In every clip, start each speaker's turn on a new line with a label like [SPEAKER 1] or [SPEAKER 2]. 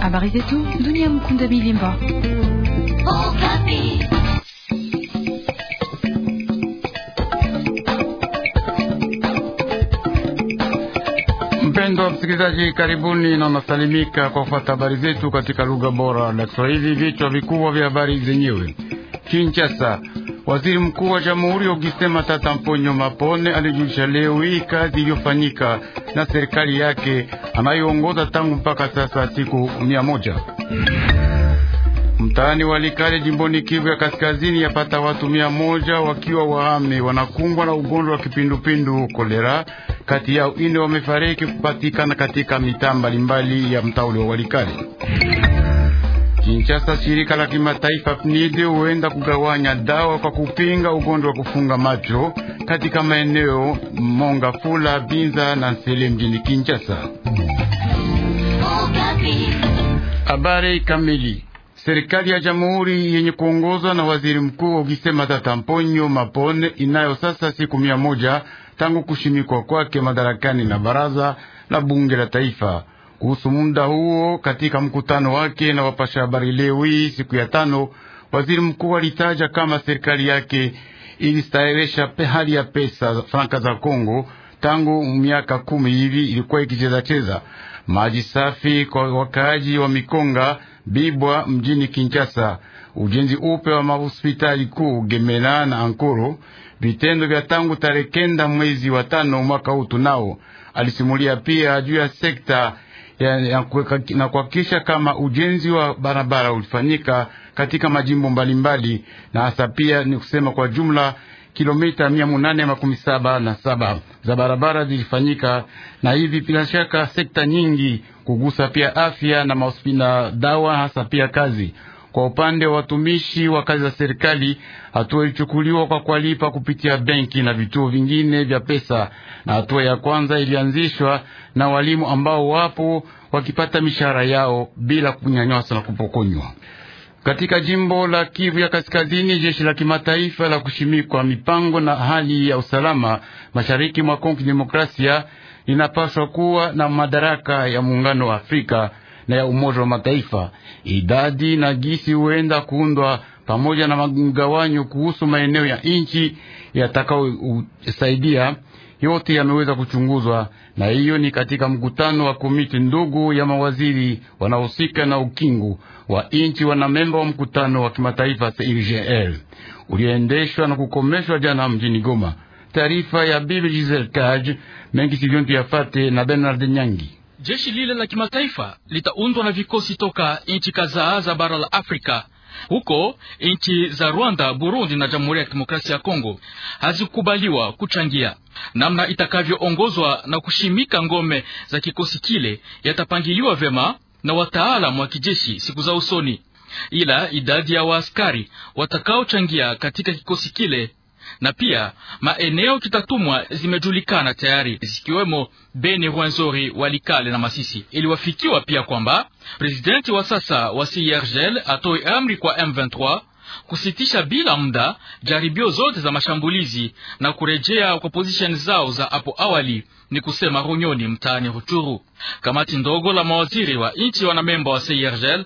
[SPEAKER 1] Habari zetu dunia. Mkunda Okapi.
[SPEAKER 2] Mpendo wa msikilizaji, karibuni na nasalimika kwa kufuata habari zetu katika lugha bora la Kiswahili. Vichwa vikubwa vya habari zenyewe. Kinshasa, waziri mkuu wa jamhuri Augustin Matata Mponyo Mapone alijulisha leo hii kazi iliyofanyika na serikali yake anayoongoza tangu mpaka sasa siku mia moja mtaani Walikale jimboni Kivu ya Kaskazini, yapata watu mia moja wakiwa wahame wanakumbwa na ugonjwa wa kipindupindu kolera. Kati yao ine wamefariki kupatikana katika mitaa mbalimbali ya mtaa wa Walikale. Kinshasa, shirika la kimataifa PNID huenda kugawanya dawa kwa kupinga ugonjwa wa kufunga macho katika maeneo Mongafula, Binza na Nsele mjini Kinshasa. Habari kamili. Serikali ya jamhuri yenye kuongozwa na waziri mkuu Augustin Matata Mponyo Mapone inayo sasa siku mia moja tangu kushimikwa kwake madarakani na baraza la bunge la taifa. Kuhusu muda huo, katika mkutano wake na wapasha habari leo hii siku ya tano, waziri mkuu alitaja kama serikali yake ilistahilisha hali ya pesa franka za Kongo. Tangu miaka kumi hivi ilikuwa ikichezacheza. Maji safi kwa wakaaji wa Mikonga Bibwa mjini Kinshasa, ujenzi upe wa mahospitali kuu Gemena na Ankoro, vitendo vya tangu tarehe kenda mwezi wa tano mwaka huu tunao. Alisimulia pia juu ya sekta ya, ya, na kuhakikisha kama ujenzi wa barabara ulifanyika katika majimbo mbalimbali, na hasa pia ni kusema kwa jumla kilomita mia munane makumi saba na saba za barabara zilifanyika, na hivi bila shaka sekta nyingi kugusa pia afya na mahospitali, dawa hasa pia kazi kwa upande wa watumishi wa kazi za serikali, hatua ilichukuliwa kwa kuwalipa kupitia benki na vituo vingine vya pesa, na hatua ya kwanza ilianzishwa na walimu ambao wapo wakipata mishahara yao bila kunyanyaswa na kupokonywa. Katika jimbo la Kivu ya Kaskazini, jeshi la kimataifa la kushimikwa mipango na hali ya usalama mashariki mwa Kongo Kidemokrasia linapaswa kuwa na madaraka ya muungano wa Afrika na ya Umoja wa Mataifa. Idadi na gisi huenda kuundwa pamoja na mgawanyo kuhusu maeneo ya nchi yatakayosaidia yote yameweza kuchunguzwa, na hiyo ni katika mkutano wa komiti ndugu ya mawaziri wanaohusika na ukingu wa inchi, memba wa mkutano wa kimataifa CIRGL uliendeshwa na kukomeshwa jana mjini Goma. Taarifa ya Bibi Giselle Kaj mengi sivyontu yafate na Bernard Nyangi.
[SPEAKER 3] Jeshi lile la kimataifa litaundwa na vikosi toka nchi kadhaa za bara la Afrika. Huko nchi za Rwanda, Burundi na Jamhuri ya Kidemokrasia ya Kongo hazikubaliwa kuchangia namna itakavyoongozwa na kushimika ngome za kikosi kile yatapangiliwa vyema na wataalamu wa kijeshi siku za usoni, ila idadi ya waaskari watakaochangia katika kikosi kile na pia maeneo kitatumwa zimejulikana tayari zikiwemo Beni, Rwenzori, Walikale na Masisi. Iliwafikiwa pia kwamba prezidenti wa sasa wa CIRGL atoe amri kwa M23 kusitisha bila muda jaribio zote za mashambulizi na kurejea kwa pozisheni zao za hapo awali, ni kusema Runyoni mtaani Ruchuru. Kamati ndogo la mawaziri wa nchi wanamemba wa CIRGL e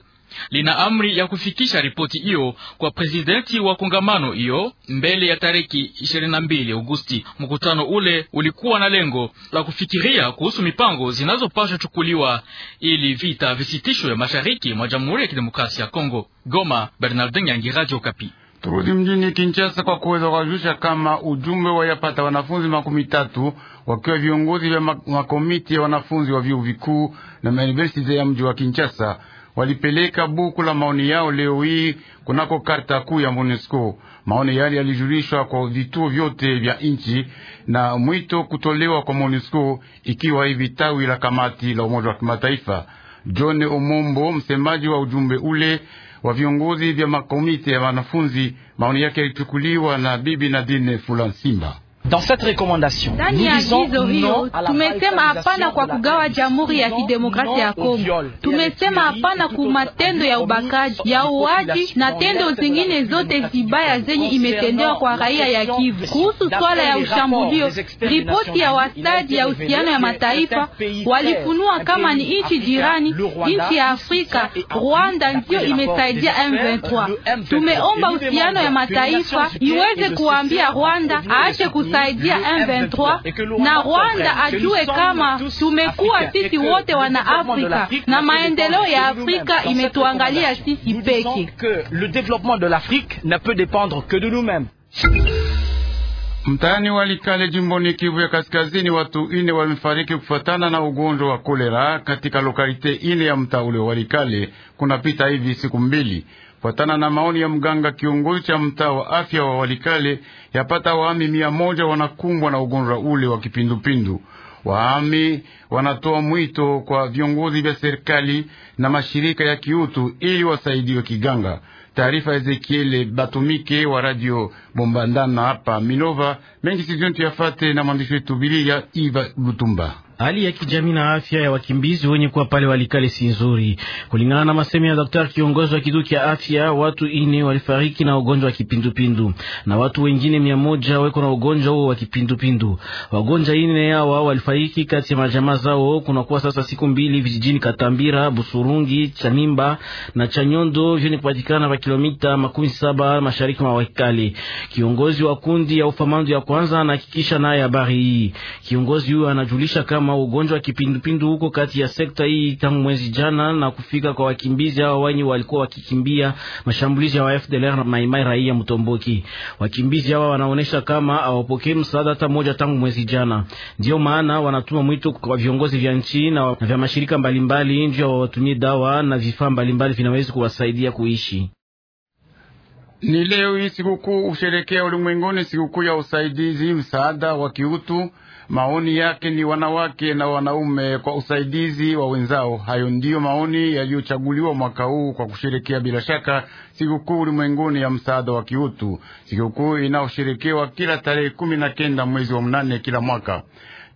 [SPEAKER 3] lina amri ya kufikisha ripoti hiyo kwa prezidenti wa kongamano hiyo mbele ya tariki 22 Agosti. Mkutano ule ulikuwa na lengo la kufikiria kuhusu mipango zinazopaswa chukuliwa ili vita visitishwe mashariki mwa Jamhuri ya Kidemokrasia ya Kongo. Goma, Bernardin Nyangi, Radio Kapi.
[SPEAKER 2] Turudi mjini Kinshasa kwa kuweza kuwajulisha kama ujumbe wayapata wanafunzi makumi tatu wakiwa viongozi vya makomiti ya wanafunzi wa vyuo vikuu na mauniversiti ya mji wa Kinshasa walipeleka buku la maoni yao leo hii kunako karta kuu ya MONUSCO. Maoni yale yalijulishwa kwa vituo vyote vya nchi na mwito kutolewa kwa MONUSCO, ikiwa hivi tawi la kamati la Umoja wa Kimataifa. John Omombo, msemaji wa ujumbe ule wa viongozi vya makomite ya wanafunzi, maoni yake yalichukuliwa na bibi Nadine Fulansimba. Dans cette recommandation,
[SPEAKER 1] ndani ya agizo hiyo tumesema hapana kwa kugawa Jamhuri ya Kidemokrasia ya Kongo. Tumesema hapana kwa matendo ya ubakaji, ya uaji na tendo zingine zote zibaya zenye imetendewa kwa raia ya Kivu. Kuhusu swala ya ushambulio, ripoti ya wastadi ya uhusiano ya mataifa walifunua kama ni nchi jirani, nchi ya Afrika, Rwanda ndiyo imesaidia M23. Tumeomba uhusiano ya mataifa iweze kuambia Rwanda aache kusaidia M23 na Rwanda ajue kama tumekuwa sisi wote wana Afrika na maendeleo ya Afrika imetuangalia sisi
[SPEAKER 3] peke. Le développement de l'Afrique ne peut dépendre que de nous-mêmes.
[SPEAKER 2] Mtaani Walikale jimboni Kivu ya Kaskazini, watu ine wamefariki kufuatana na ugonjwa wa kolera katika lokalite ine ya mtaa ule Walikale kunapita hivi siku mbili. Kufuatana na maoni ya mganga kiongozi cha mtaa wa afya wa Walikale, yapata waami mia moja wanakumbwa na ugonjwa ule wa kipindupindu. Waami wanatoa mwito kwa viongozi vya serikali na mashirika ya kiutu ili wasaidiwe kiganga. Taarifa Ezekiele Batumike wa Radio Bombandana hapa Minova mengi sizontu yafate na mwandishi wetu Bilia Iva Lutumba. Hali ya kijamii na
[SPEAKER 3] afya ya wakimbizi wenye kuwa pale Walikale si nzuri. Kulingana na masemi ya daktari kiongozi wa kituo cha afya, watu ine walifariki na ugonjwa wa kipindupindu na watu wengine mia moja weko na ugonjwa huo wa kipindupindu. Wagonjwa ine hawa walifariki kati ya majamaa zao. Kunakuwa sasa siku mbili vijijini Katambira, Busurungi, Chanimba na Chanyondo vyenye kupatikana kwa kilomita makumi saba mashariki mwa Walikale. Kiongozi wa kundi ya ufamandu ya kwanza anahakikisha naye habari hii. Kiongozi huyo anajulisha kama kama ugonjwa wa kipindupindu huko kati ya sekta hii tangu mwezi jana na kufika kwa wakimbizi hao wenye walikuwa wakikimbia mashambulizi ya FDLR na Maimai raia Mtomboki. Wakimbizi hawa wanaonesha kama hawapokei msaada hata moja tangu mwezi jana. Ndio maana wanatuma mwito kwa viongozi vya nchi na vya mashirika mbalimbali ndio wawatumie dawa na vifaa mbalimbali vinaweza kuwasaidia kuishi.
[SPEAKER 2] Ni leo hii sikukuu usherekea ulimwenguni, sikukuu ya usaidizi msaada wa kiutu. Maoni yake ni wanawake na wanaume kwa usaidizi wa wenzao. Hayo ndiyo maoni yaliyochaguliwa mwaka huu kwa kusherekea bila shaka sikukuu ulimwenguni ya msaada wa kiutu, sikukuu inayosherekewa kila tarehe kumi na kenda mwezi wa mnane kila mwaka.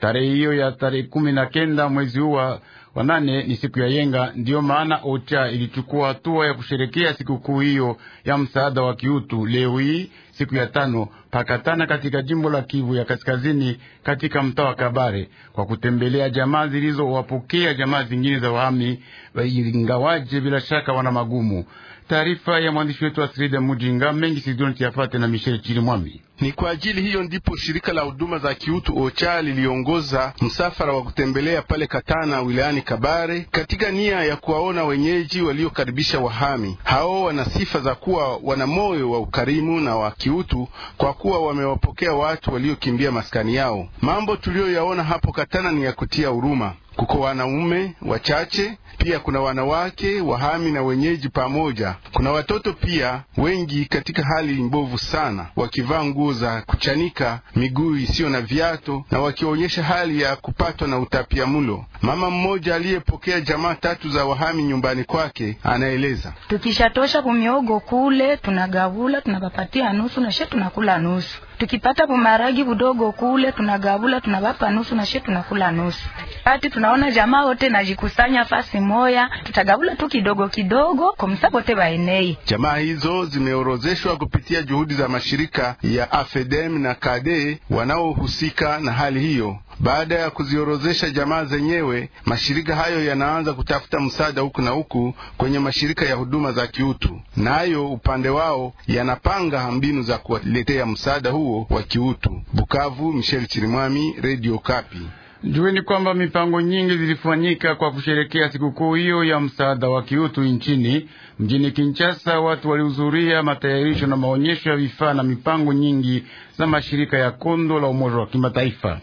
[SPEAKER 2] Tarehe hiyo ya tarehe kumi na kenda mwezi huu wa Wanane ni siku ya yenga, ndiyo maana OCHA ilichukua hatua ya kusherekea sikukuu hiyo ya msaada wa kiutu leo hii siku ya tano pakatana katika jimbo la Kivu ya kaskazini katika mtaa wa Kabare kwa kutembelea jamaa zilizowapokea jamaa zingine za wahami, ingawaje bila shaka wana magumu taarifa ya mwandishi wetu asrida Mujinga mengi sidoni yafate na Michel Chirimwami. Ni kwa ajili hiyo
[SPEAKER 4] ndipo shirika la huduma za kiutu OCHA liliongoza msafara wa kutembelea pale Katana wilayani Kabare katika nia ya kuwaona wenyeji waliokaribisha wahami hao. Wana sifa za kuwa wana moyo wa ukarimu na wa kiutu, kwa kuwa wamewapokea watu waliokimbia maskani yao. Mambo tuliyoyaona hapo Katana ni ya kutia huruma kuko wanaume wachache, pia kuna wanawake wahami na wenyeji pamoja. Kuna watoto pia wengi katika hali mbovu sana, wakivaa nguo za kuchanika, miguu isiyo na viato, na wakionyesha hali ya kupatwa na mulo. Mama mmoja aliyepokea jamaa tatu za wahami nyumbani kwake anaeleza:
[SPEAKER 1] tukishatosha kumiogo kule tunagavula, tunapapatia nusu na she tunakula nusu Tukipata bumaragi budogo kule tunagabula, tunawapa nusu na shetu tunakula nusu. Kati tunaona jamaa wote najikusanya fasi moya, tutagabula tu kidogo kidogo komsa bote baenei.
[SPEAKER 4] Jamaa hizo zimeorozeshwa kupitia juhudi za mashirika ya AFEDEM na KADE wanaohusika na hali hiyo. Baada ya kuziorozesha jamaa zenyewe, mashirika hayo yanaanza kutafuta msaada huku na huku kwenye mashirika ya huduma za kiutu, nayo na upande wao yanapanga mbinu za kuwaletea msaada huo wa kiutu. Bukavu, Michel Chirimwami, Radio Kapi.
[SPEAKER 2] Jueni kwamba mipango nyingi zilifanyika kwa kusherekea sikukuu hiyo ya msaada wa kiutu nchini. Mjini Kinshasa, watu walihudhuria matayarisho na maonyesho ya vifaa na mipango nyingi za mashirika ya kondo la Umoja wa Kimataifa.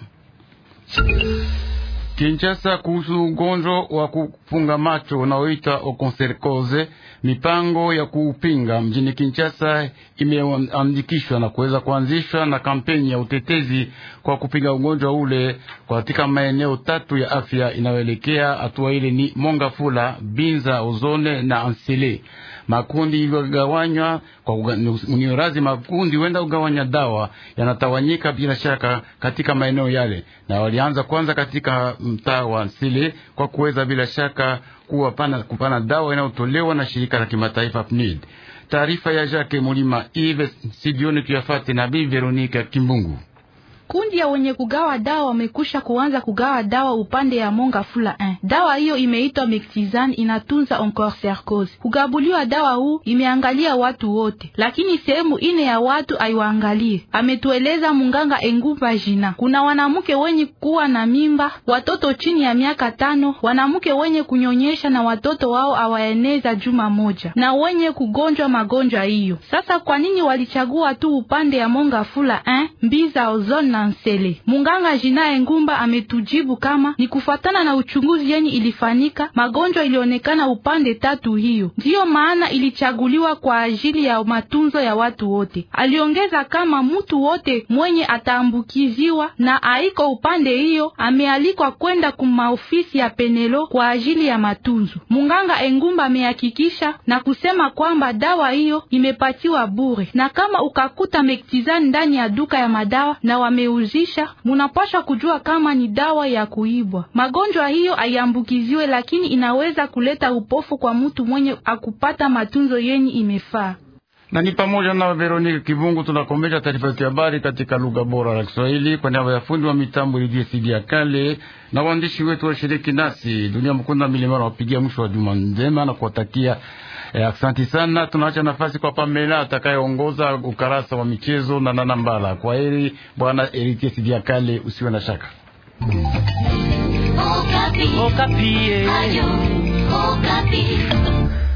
[SPEAKER 2] Kinshasa kuhusu ugonjwa wa kufunga macho unaoitwa okonserkoze, mipango ya kuupinga mjini Kinshasa imeandikishwa na kuweza kuanzishwa na kampeni ya utetezi kwa kupinga ugonjwa ule katika maeneo tatu ya afya inayoelekea hatua ile ni Mongafula, Binza, Ozone na Ansele makundi iliyogawanywa kwa uniorazi, makundi huenda kugawanya dawa yanatawanyika bila shaka katika maeneo yale, na walianza kwanza katika mtaa wa Nsile kwa kuweza bila shaka kuwa pana, kupana dawa inayotolewa na shirika la kimataifa PNID. Taarifa ya Jacques Mulima Ives sidione tuyafate na Bibi Veronika Kimbungu
[SPEAKER 1] kundi ya wenye kugawa dawa wamekusha kuanza kugawa dawa upande ya Monga Fula 1. Dawa hiyo imeitwa Mectizan, inatunza encore sarcose. Kugabuliwa dawa huu imeangalia watu wote, lakini sehemu ine ya watu aiwaangalie ametueleza munganga Engumba Jina. Kuna wanamke wenye kuwa na mimba, watoto chini ya miaka tano, wanamke wenye kunyonyesha na watoto wao awaeneza juma moja, na wenye kugonjwa magonjwa hiyo. Sasa kwa nini walichagua tu upande ya Monga Fula 1 mbiza ozona na Nsele. Munganga jina engumba ametujibu kama ni kufuatana na uchunguzi yenye ilifanyika, magonjwa ilionekana upande tatu hiyo, ndiyo maana ilichaguliwa kwa ajili ya matunzo ya watu wote. Aliongeza kama mtu wote mwenye ataambukiziwa na aiko upande hiyo amealikwa kwenda kumaofisi ya Penelo kwa ajili ya matunzo. Munganga Engumba amehakikisha na kusema kwamba dawa hiyo imepatiwa bure, na kama ukakuta mektizani ndani ya duka ya madawa na wame mnayouzisha munapaswa kujua kama ni dawa ya kuibwa. Magonjwa hiyo haiambukiziwe, lakini inaweza kuleta upofu kwa mtu mwenye akupata matunzo yenye imefaa
[SPEAKER 2] na ni pamoja na Veronike Kibungu. Tunakomesha taarifa yetu ya habari katika lugha bora la Kiswahili kwa niaba ya fundi wa mitambo Lidiesidi ya kale na waandishi wetu washiriki nasi dunia mkunda milimara. Wapigia mwisho wa juma njema na kuwatakia E, asante sana. Tunaacha nafasi kwa Pamela atakayeongoza ukarasa wa michezo na Nana Mbala. Kwa heri Bwana Sidia kale usiwe na shaka.
[SPEAKER 3] Okapi. Okapi. Eh. Ayu, Okapi.